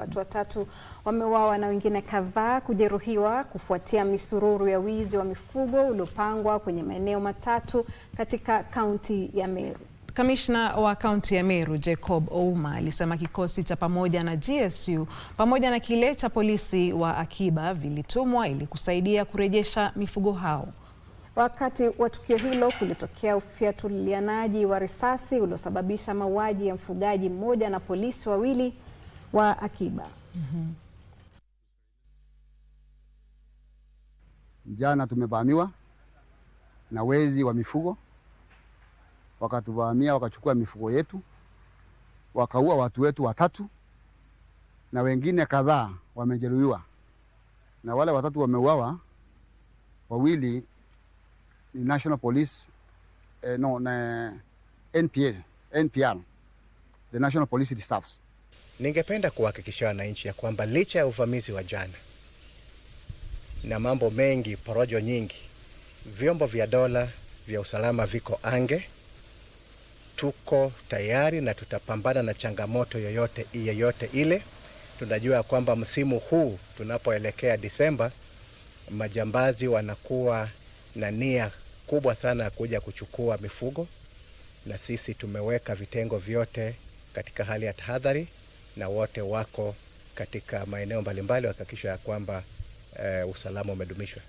Watu watatu wameuawa na wengine kadhaa kujeruhiwa kufuatia misururu ya wizi wa mifugo uliopangwa kwenye maeneo matatu katika kaunti ya Meru. Kamishna wa kaunti ya Meru Jacob Ouma alisema kikosi cha pamoja na GSU pamoja na kile cha polisi wa akiba vilitumwa ili kusaidia kurejesha mifugo hao. Wakati wa tukio hilo kulitokea ufyatulianaji wa risasi uliosababisha mauaji ya mfugaji mmoja na polisi wawili wa akiba. mm-hmm. Jana tumevamiwa na wezi wa mifugo, wakatuvamia wakachukua mifugo yetu, wakaua watu wetu watatu na wengine kadhaa wamejeruhiwa. Na wale watatu wameuawa, wawili ni National Police eh, no, na NPA, NPR, the National Police Reserves Ningependa kuhakikisha wananchi ya kwamba licha ya uvamizi wa jana na mambo mengi, porojo nyingi, vyombo vya dola vya usalama viko ange. Tuko tayari na tutapambana na changamoto yoyote yeyote ile. Tunajua kwamba msimu huu tunapoelekea Disemba, majambazi wanakuwa na nia kubwa sana ya kuja kuchukua mifugo, na sisi tumeweka vitengo vyote katika hali ya tahadhari na wote wako katika maeneo mbalimbali wakihakikisha ya kwamba e, usalama umedumishwa.